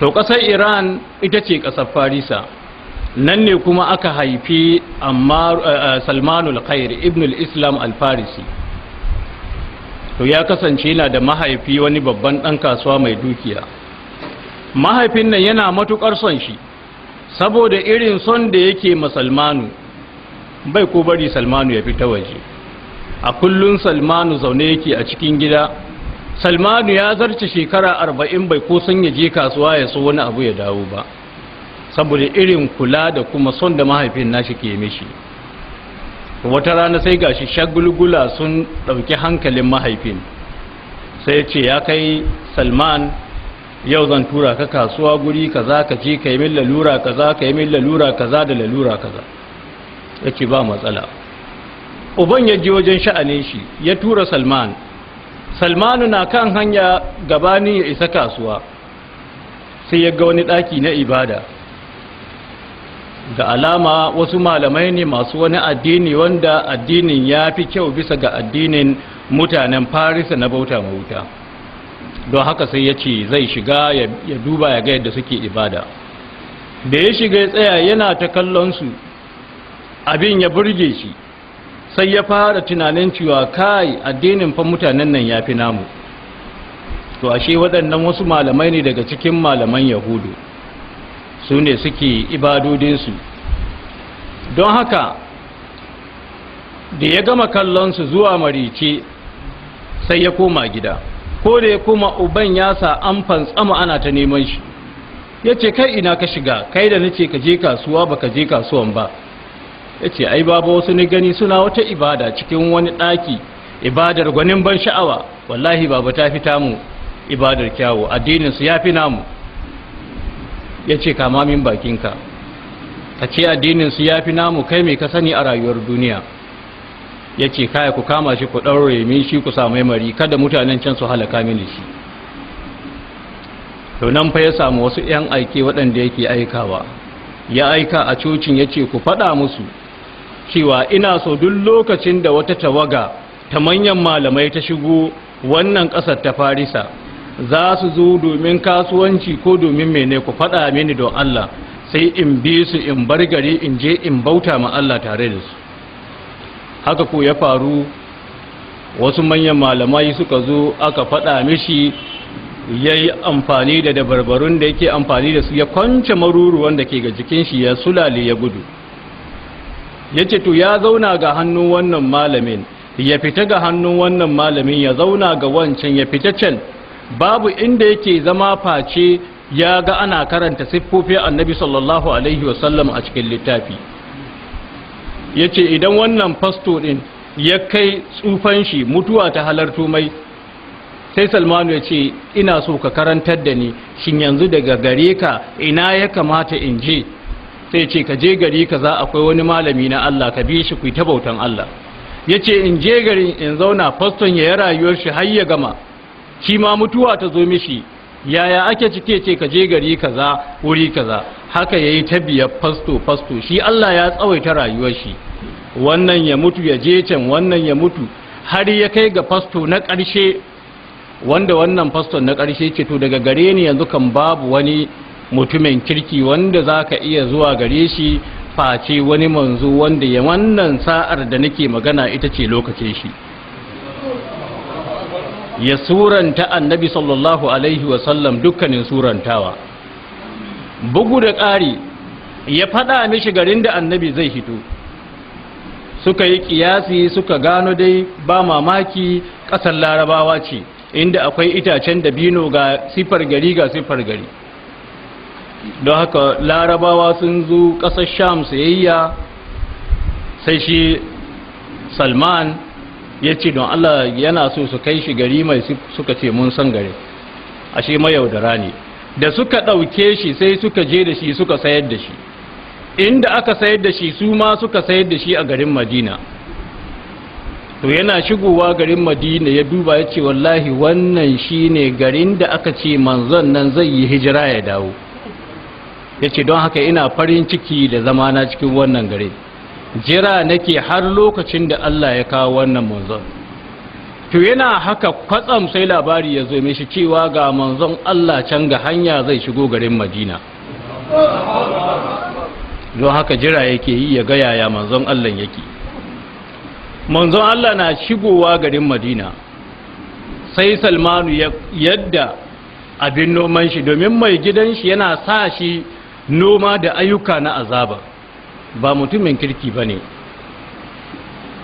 to kasar iran ita ce ƙasar farisa nan ne kuma aka haifi eh, eh, salmanul khair ibn islam Alfarisi, to ya kasance yana da mahaifi wani babban dan kasuwa mai dukiya mahaifin nan yana matukar son shi saboda irin son da yake masalmanu bai ko bari salmanu ya fita waje a kullun salmanu zaune yake a cikin gida salmanu ya zarce shekara arba'in bai ko sun ya je kasuwa ya so wani abu ya dawo ba saboda irin kula da kuma son da mahaifin nashi ke mishi wata rana sai gashi shagulgula sun ɗauki hankalin mahaifin sai ce ya kai salman yau zan tura ka kasuwa guri kaza ka je ka yi min lalura kaza ka yi min lalura kaza da lalura kaza ya ce ba matsala uban ya je wajen sha'anin shi ya tura salman salmanu na kan hanya gabani ya isa kasuwa sai ya ga wani ɗaki na ibada da alama wasu malamai ne masu wani addini wanda addinin ya fi kyau bisa ga addinin mutanen farisa na bauta mawuta don haka sai ya ce zai shiga ya duba ya ga yadda suke ibada da ya shiga ya tsaya yana ta kallon su abin ya burge shi sai ya fara tunanin cewa kai addinin fa mutanen nan yafi namu to ashe waɗannan wasu malamai ne daga cikin malaman yahudu su ne suke ibadodinsu don haka da ya gama kallonsu zuwa marice sai ya koma gida ko da ya koma uban yasa an fantsama ana ta neman shi Yace, ce kai ina ka shiga kai da nace ka je kasuwa ba ka je kasuwan ba ya ce ai babu wasu ni gani suna wata ibada cikin wani ɗaki ibadar gwanin ban sha'awa wallahi babu ta fi tamu ibadar kyawu addininsu ya fi namu ya ce kama min bakinka ka ce su ya fi namu kai mai ka sani a rayuwar duniya ya ce kaya ku kama shi ku ɗaure min shi ku samu mari kada mutanen can su halaka mini shi to nan fa ya samu wasu 'yan aike waɗanda yake aikawa ya aika a cocin ya ce ku faɗa musu cewa ina so duk lokacin da wata tawaga ta manyan malamai ta shigo wannan ƙasar ta farisa za su zo domin kasuwanci ko domin mene ku faɗa mini don Allah sai in bi su in bar gari in je in bauta ma Allah tare da su haka ko ya faru wasu manyan malamai suka zo aka faɗa mishi ya yi amfani da dabarbarun da yake amfani da su ya kwance maruruwan da ke ga jikin shi ya sulale ya gudu ya ce to ya zauna ga hannun wannan malamin ya fita ga hannun wannan malamin ya zauna ga wancan ya fita can babu inda yake zama face ya ga ana karanta siffofi annabi sallallahu alaihi wasallam a cikin littafi ya ce idan wannan fasto ɗin ya kai tsufan shi mutuwa ta halartu mai sai salmanu ya ce ina so ka karantar da ni shin yanzu daga gare ka ina ya kamata in je sai ce ka je gari kaza akwai wani malami na Allah ka bi shi ku ta bautan Allah ya ce in je gari in zauna faston ya rayuwar shi har ya gama shi ma mutuwa ta zo mishi yaya ake cike ce ka je gari kaza wuri kaza haka yayi ta biyar fasto fasto shi Allah ya tsawaita rayuwar shi wannan ya mutu ya je can wannan ya mutu har ya kai ga fasto na ƙarshe wanda wannan faston na ƙarshe ce to daga gare ni yanzu kan babu wani mutumin kirki wanda za ka iya zuwa gare shi face wani manzo wanda ya wannan sa'ar da nake magana ita ce lokacin shi ya suranta annabi sallallahu alaihi wasallam dukkanin surantawa bugu da ƙari ya faɗa mishi garin da annabi zai hito suka yi ƙiyasi suka gano dai ba mamaki ƙasar larabawa ce inda akwai itacen dabino ga siffar gari ga siffar gari don haka larabawa sun zo ƙasar sham sayayya sai shi salman ya ce don allah yana so su kai shi gari mai suka ce mun san gari ashe mayaudara ne da suka ɗauke shi sai suka je da shi suka sayar da shi inda aka sayar da shi su ma suka sayar da shi a garin madina to yana shigowa garin madina ya duba ya ce wallahi wannan shi ne garin da aka ce manzon nan zai yi hijira ya dawo ya ce don haka ina farin ciki da zama na cikin wannan gare jira nake har lokacin da Allah ya kawo wannan manzon to yana haka kwatsam sai labari ya zo mishi cewa ga manzon Allah can ga hanya zai shigo garin Madina don haka jira yake yi ya ga yaya manzon Allah yake manzon Allah na shigowa garin Madina sai Salmanu yadda abin noman shi domin mai gidan shi yana sa shi noma da ayyuka na azaba ba mutumin kirki ba ne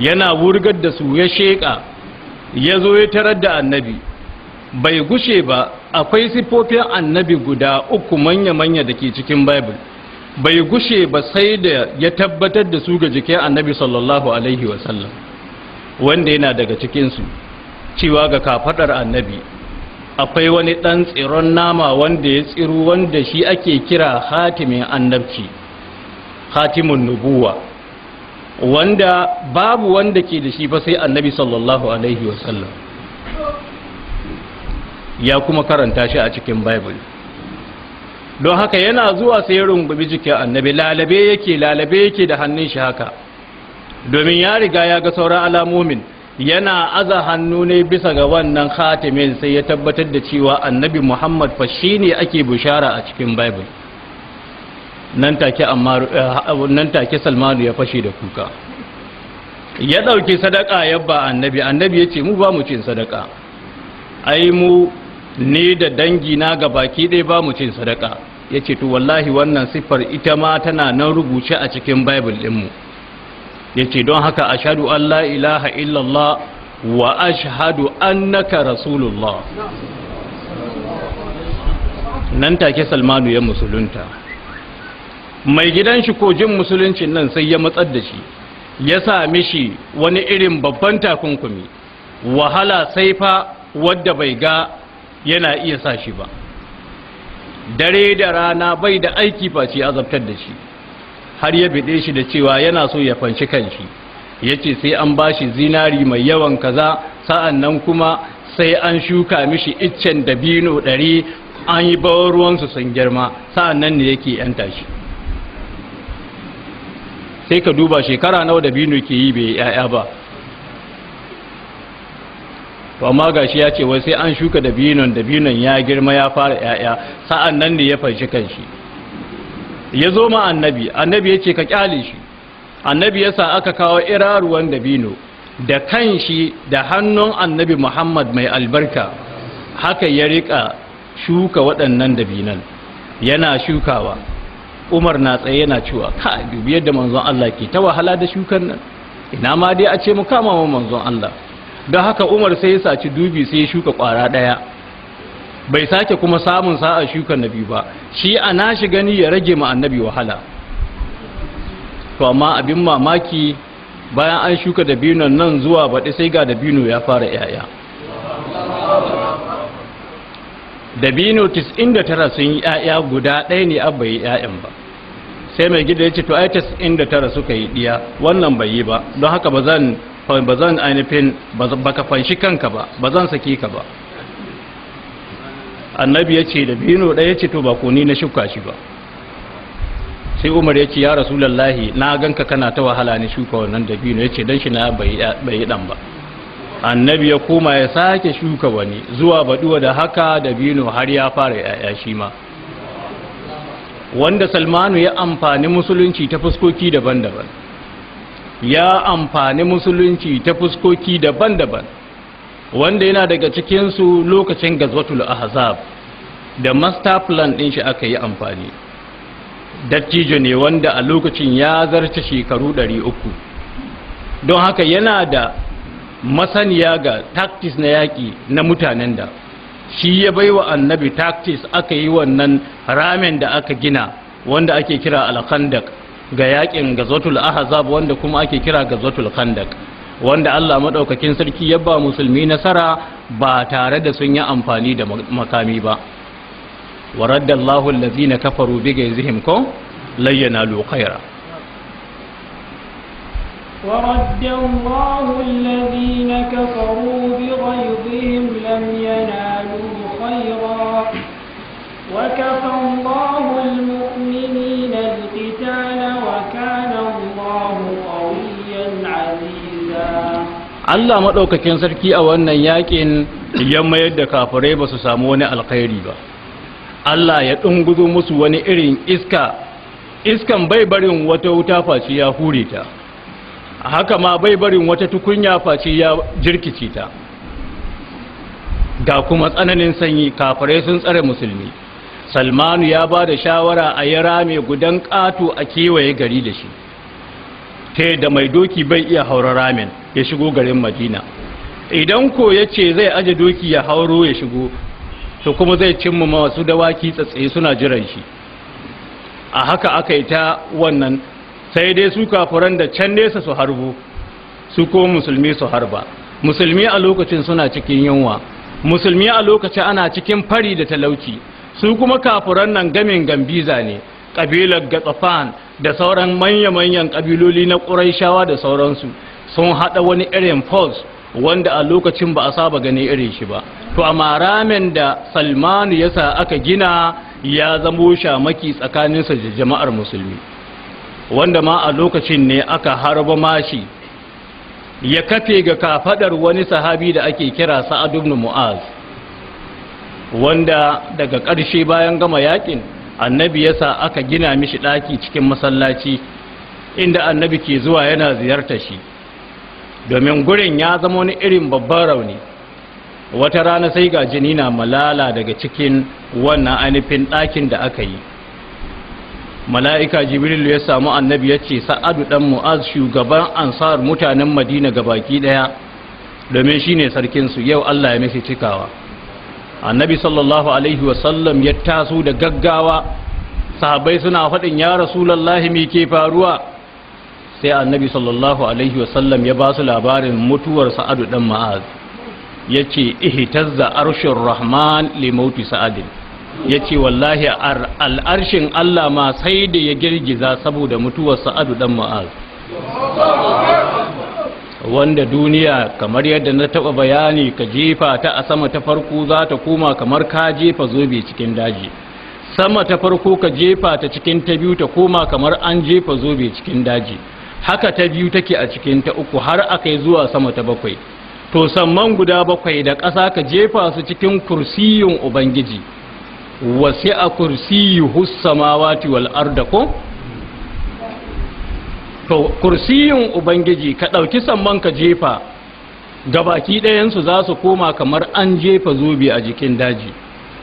yana wurgar da su ya sheƙa ya zo ya tarar da annabi bai gushe ba akwai sifofin annabi guda uku manya-manya da ke cikin bible bai gushe ba sai da ya tabbatar da su ga jikin annabi sallallahu alaihi wasallam wanda yana daga cikinsu cewa ga kafaɗar annabi akwai wani ɗan tsiron nama wanda ya tsiru wanda shi ake kira hatimin annabci hatimin nubuwa wanda babu wanda ke da shi fa sai annabi sallallahu alaihi wasallam ya kuma karanta shi a cikin bible don haka yana zuwa sai rungumi jikin annabi lalabe yake lalabe yake da hannun shi haka domin ya riga ya ga sauran alamomin yana aza hannu ne bisa ga wannan khatimin sai ya tabbatar da cewa annabi muhammad fa shi ake bushara a cikin bible eh, nan take salmanu ya fashe da kuka ya ɗauki sadaka yabba annabi annabi ya ce mu ba mu cin sadaka ai mu ne da dangi na ga baki ɗaya ba mu cin sadaka yace to wallahi wannan siffar ita ma tana nan rubuce a cikin bible mu. yace don haka ashhadu an la ilaha illallah wa ashhadu annaka rasulullah nan take salmanu ya musulunta mai gidan shi ko jin musuluncin nan sai ya matsar da shi ya sami shi wani irin babban takunkumi wahala sai fa wadda bai ga yana iya sa shi ba dare da rana bai da aiki face azabtar da shi har ya bide shi da cewa yana so ya fanshi kanshi ya ce sai an bashi zinari mai yawan kaza sa'an nan kuma sai an shuka mishi iccen dabino ɗari an yi bawon ruwansu sun girma sa'an nan ne yake yanta shi sai ka duba shekara nawa dabino ke yi bai ya'ya ba to amma gashi ya ce wai sai an shuka dabinon dabinon ya girma ya fara ya'ya sa'an nan ne ya fanshi kanshi ya zo ma annabi annabi ya ce ka kyale shi annabi ya sa aka kawo iraruwan dabino da kan shi da hannun annabi muhammad mai albarka haka ya rika shuka waɗannan dabinan yana shukawa umar na tsaye yana cewa ka dubi yadda manzon allah ke ta wahala da shukan nan ina ma dai a ce mu kama manzon allah don haka umar sai ya saci dubi sai ya shuka ƙwara ɗaya bai sake kuma samun sa'a shukan na biyu ba shi a na shi gani ya rage ma annabi wahala to amma abin mamaki bayan an shuka dabinon nan zuwa baɗi sai ga dabino ya fara yaya dabino 99 sun yi yaya guda ɗaya ne abu yi yayan ba sai mai gida ya ce to inda tara suka yi ɗiya wannan bai yi ba don haka ba zan ainihin ba ka fanshi kanka ba ba zan saki ka ba annabi ya ce da bino ɗaya ce to ba ko ni na shuka shi ba sai umar ya ce ya rasulallahi na ganka kana ta wahala ni shuka wannan da bino ya ce don shi na bai yi ɗan ba annabi ya koma ya sake shuka wani zuwa baɗuwa da haka da bino har ya fara yaya shi ma wanda salmanu ya amfani musulunci ta fuskoki daban-daban ya amfani musulunci ta fuskoki daban-daban wanda yana daga cikinsu lokacin gazwatul ahzab da master plan ɗin shi aka yi amfani dattijo ne wanda a lokacin ya zarce shekaru ɗari uku, don haka yana da masaniya ga tactics na yaƙi na mutanen da shi ya bai wa annabi tactics aka yi wannan ramen da aka gina wanda ake kira alkhandak ga yaƙin gazotul ahazab wanda kuma ake kira gazotul khandak wanda Allah maɗaukakin sarki ya ba musulmi nasara ba tare da sun yi amfani da makami ba wa raddallahu allazina kafaru bi ghaizihim ko layyana lu khaira ورد الله الذين كفروا بغيظهم لم ينالوا خيرا وكفى الله المؤمنين القتال وكان الله قويا عزيزا Allah maɗaukakin sarki a wannan yakin ya mayar da kafirai ba su samu wani alkhairi ba Allah ya ɗunguzo musu wani irin iska iskan bai barin wata wuta face ya hure ta haka ma bai barin wata tukunya face ya jirkice ta ga kuma tsananin sanyi kafirai sun tsare musulmi salmanu ya ba da shawara a yi rame gudan ƙato a kewaye gari da shi ta da mai doki bai iya haura ramin ya shigo garin madina idan ko ya ce zai aje doki ya hauro ya shigo to kuma zai cimma masu dawaki tsatsaye suna jiran shi a haka aka yi ta wannan sai dai su kafuran da can nesa su harbu su ko musulmi su harba musulmi a lokacin suna cikin yunwa musulmi a lokacin ana cikin fari da talauci su kuma kafuran nan gamin gambiza ne ƙabilar gatsafan da sauran manya-manyan ƙabiloli na ƙurai shawa da sauransu sun haɗa wani irin false wanda a lokacin ba a saba gani irin shi ba to amma ramen da salmanu ya sa aka gina ya zamo shamaki tsakaninsa da jama'ar musulmi wanda ma a lokacin ne aka harba mashi ya kafe ga kafadar wani sahabi da ake kira sa'ad ibn mu'az wanda daga ƙarshe bayan gama yakin annabi yasa aka gina mishi ɗaki cikin masallaci inda annabi ke zuwa yana ziyarta shi domin gurin ya zama wani irin babban rauni wata rana sai ga jini na malala daga cikin wannan ainihin ɗakin da aka yi mala'ika jibril ya samu annabi ya ce sa'adu ɗan mu'az shugaban ansar mutanen madina ga baki ɗaya domin shi ne sarkinsu yau allah ya mishi cikawa annabi sallallahu alaihi wasallam ya taso da gaggawa sahabai suna faɗin ya rasulallahi mai ke faruwa sai annabi sallallahu alaihi wasallam ya ba su labarin mutuwar sa'adu dan ma'az ya ce ihitazza arshin rahman limauti sa'adin ya ce wallahi al'arshin allah ma sai da ya girgiza saboda mutuwar sa'adu dan ma'az wanda duniya kamar yadda na taba bayani ka jefa ta a sama ta farko za ta koma kamar ka jefa zobe cikin daji sama ta farko ka jefa ta cikin ta biyu ta koma kamar an jefa zobe cikin daji haka ta biyu take a cikin ta uku har akai zuwa sama ta bakwai to samman guda bakwai da ƙasa ka jefa su cikin kursiyin ubangiji wasi a kursiyi hussamawati wal arda ko to kursiyin ubangiji ka ɗauki samman ka jefa ga baki ɗayansu za su koma kamar an jefa zobe a jikin daji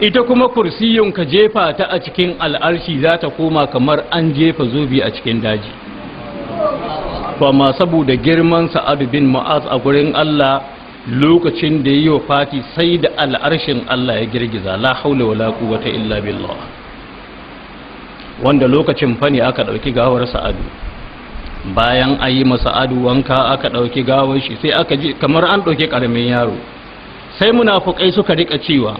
ita kuma kursiyun ka jefa ta a cikin al'arshi za ta koma kamar an jefa zobe a cikin daji wato saboda girman sa'adu bin mu'az a gurin Allah lokacin da yi wa fati sai da al'arshin Allah ya girgiza la haula wala quwwata illa billah wanda lokacin fani aka dauki gawar sa'adu bayan ayi yi masa adu wanka aka dauki gawar shi sai aka ji kamar an dauki karamin yaro sai munafukai suka rika cewa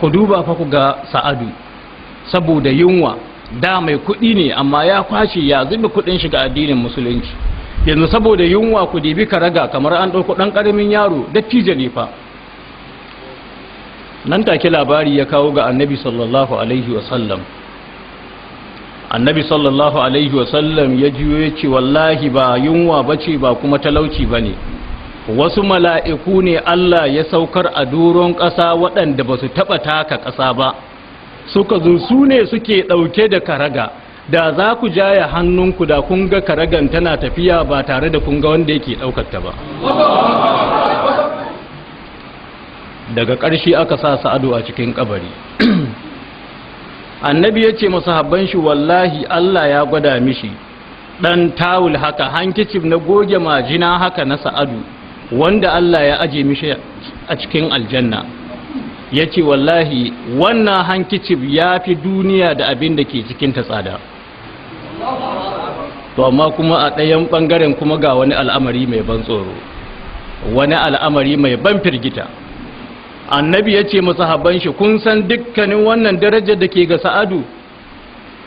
ku duba fa ku ga sa'adu saboda yunwa da mai kuɗi ne amma ya kwashe ya zuba kuɗin shiga addinin musulunci yanzu saboda yunwa ku dibi ka raga kamar an ɗauko ɗan ƙaramin yaro dattijo ne fa nan take labari ya kawo ga annabi sallallahu alaihi wasallam annabi sallallahu alaihi wasallam ya jiyo ya ce wallahi ba yunwa bace ba kuma talauci ba ne wasu mala'iku ne Allah ya saukar a doron ƙasa waɗanda ba su taɓa taka ƙasa ba suka zo su ne suke ɗauke da karaga da za ku jaya hannunku da kun ga karagan tana tafiya ba tare da kun ga wanda yake ɗaukarta ba daga ƙarshe aka sa sa'adu a cikin ƙabari annabi ya ce masu masahabban shi wallahi allah ya gwada mishi ɗan tawul haka hankicif na goge majina haka na sa'adu wanda allah ya aje mishi a cikin aljanna ya ce wallahi wannan hankicif ya fi duniya da abin da ke cikinta tsada to amma kuma a ɗayan ɓangaren kuma ga wani al'amari mai ban tsoro wani al'amari mai ban firgita annabi ya ce haban shi kun san dukkanin wannan darajar da ke ga sa'adu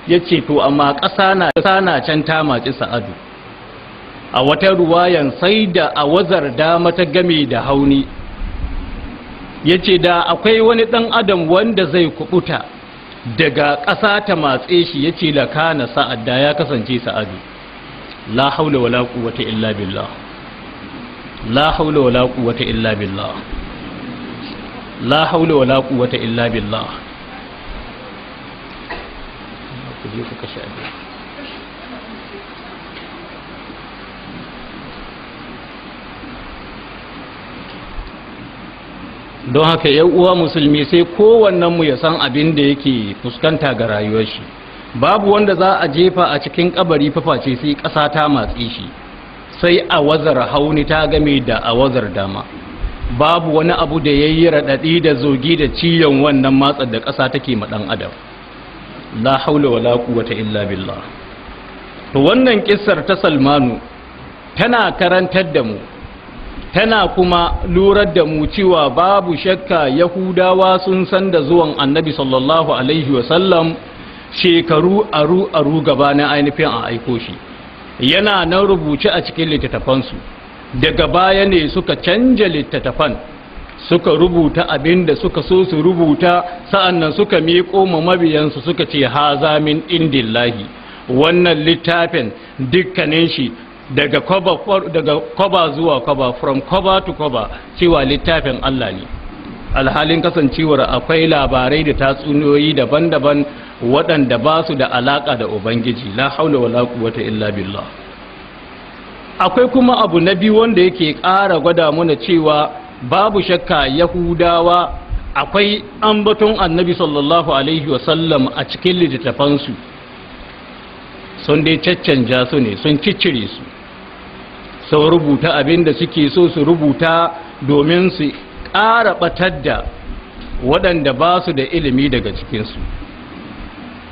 ya ce to amma ƙasa na can ta maci sa'adu a wata ruwayan sai da a wazar dama ta game da hauni ya ce da akwai wani ɗan adam wanda zai kubuta daga ƙasa ta matse shi ya ce da kana sa'ad da ya kasance sa'adu la haula wala quwwata illa billah la haula wala quwwata illa billah la haula wala quwwata illa billah ku je ku kashe abin don haka yan uwa musulmi sai kowannen mu ya san abin da yake fuskanta ga rayuwar shi babu wanda za a jefa a cikin kabari faface sai ƙasa ta matsi shi sai a wazar hauni ta game da a wazar dama babu wani abu da ya yi raɗaɗi da zogi da ciyon wannan matsar da ƙasa take ma ɗan adam la haula wala quwwata illa billah to wannan kissar ta salmanu tana karantar da mu tana kuma lurar da mu cewa babu shakka yahudawa sun san da zuwan annabi sallallahu alaihi wasallam shekaru aru aru gabanin ainihin a aiko shi yana nan rubuce a cikin littattafansu daga baya ne suka canja littattafan suka rubuta abin da suka so su rubuta sa'annan suka miƙo ma mabiyansu suka ce haza min indillahi wannan littafin dukkanin shi daga kwaba zuwa kwaba from kwaba to kwaba cewa littafin Allah ne alhalin kasancewar akwai labarai da tatsuniyoyi daban-daban waɗanda ba su da alaƙa da ubangiji la haula wala quwwata illa billah akwai kuma abu na biyu wanda yake ƙara gwada mana cewa babu shakka yahudawa akwai ambaton annabi sallallahu alaihi wasallam a cikin littattafansu sun dai caccanja su ne sun ciccire su Su rubuta abin da suke so su rubuta domin su ƙara ɓatar da waɗanda ba su da ilimi daga cikinsu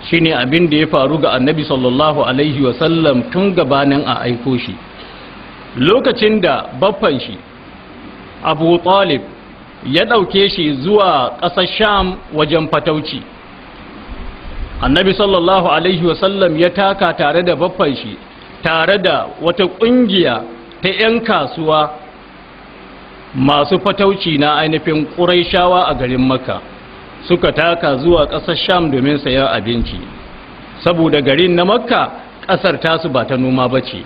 shi ne abin da ya faru ga annabi sallallahu alaihi wasallam tun gabanin a aiko shi lokacin da baffan shi abu talib ya ɗauke shi zuwa ƙasar sham wajen fatauci annabi sallallahu alaihi wasallam ya taka tare da baffan shi tare da wata ƙungiya ta 'yan kasuwa masu fatauci na ainihin ƙuraishawa a garin maka suka taka zuwa ƙasar sham domin sayan abinci saboda garin na makka ƙasar tasu ba ta noma ba ce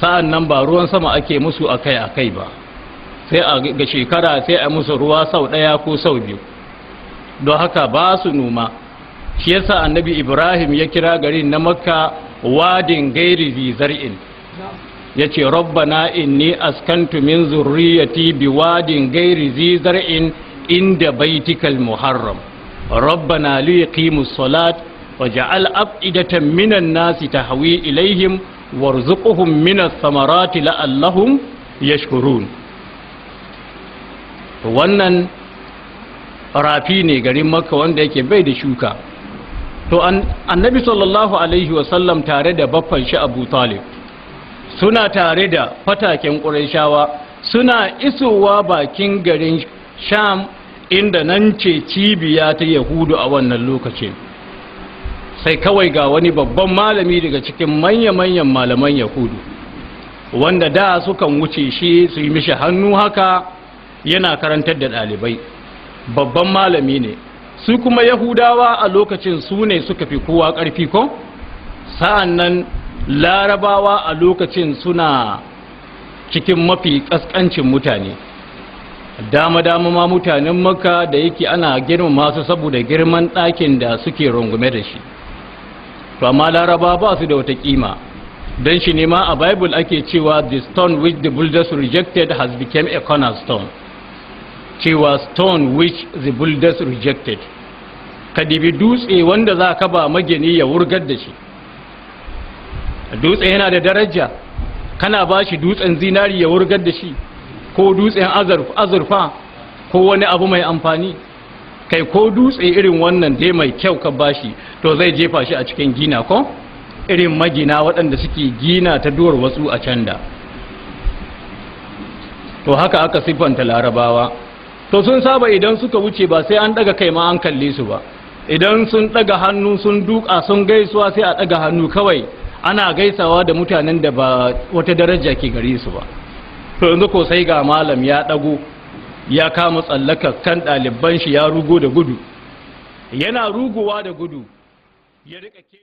sa'an nan ba ruwan sama ake musu akai-akai ba sai a ga shekara sai a musu ruwa sau ɗaya ko sau biyu don haka ba su noma shi yasa annabi ibrahim ya kira garin na makka wadin gairi zar'in ya ce rabbana inni askantu min zurriyati biwadin gairi zizar'in inda baitikal muharram rabbana liqimus salat waj'al af'idatan minan nasi tahwi ilaihim warzuqhum minas samarati la'allahum yashkurun wannan rafi ne garin makka wanda yake bai da shuka to annabi sallallahu alaihi wasallam tare da baffan shi abu talib suna tare da fataken ƙurashawa suna isowa bakin garin sham inda nan ce cibiya ta yahudu a wannan lokacin sai kawai ga wani babban malami daga cikin manya-manyan malaman yahudu wanda da sukan wuce shi su yi mishi hannu haka yana karantar da ɗalibai babban malami ne su kuma yahudawa a lokacin su ne suka fi kowa ƙarfi ko sa'an nan larabawa a lokacin suna cikin mafi ƙasƙancin mutane dama-dama ma mutanen maka da yake ana girmama su saboda girman ɗakin da suke rungume da shi to amma laraba ba su da wata ƙima don shi nema a bible ake cewa the stone which the builders rejected has become a cornerstone cewa stone which the builders rejected ka dibi dutse wanda za ka ba magini ya wurgar da shi dutse yana da daraja kana ba shi dutsen zinari ya wurgar da shi ko dutsen azurfa ko wani abu mai amfani kai ko dutse irin wannan dai mai kyau ka bashi to zai jefa shi a cikin gina ko irin magina waɗanda suke gina ta duwar wasu a can da to haka aka siffanta larabawa to sun saba idan suka wuce ba sai an ɗaga kai ma an kalle su ba idan sun ɗaga hannu sun duka sun gaisuwa sai a ɗaga hannu kawai ana gaisawa da mutanen da ba wata daraja ke gare su ba to yanzu ko sai ga malam ya dago ya kama tsallaka kan ɗaliban shi ya rugo da gudu yana rugowa da gudu ya rika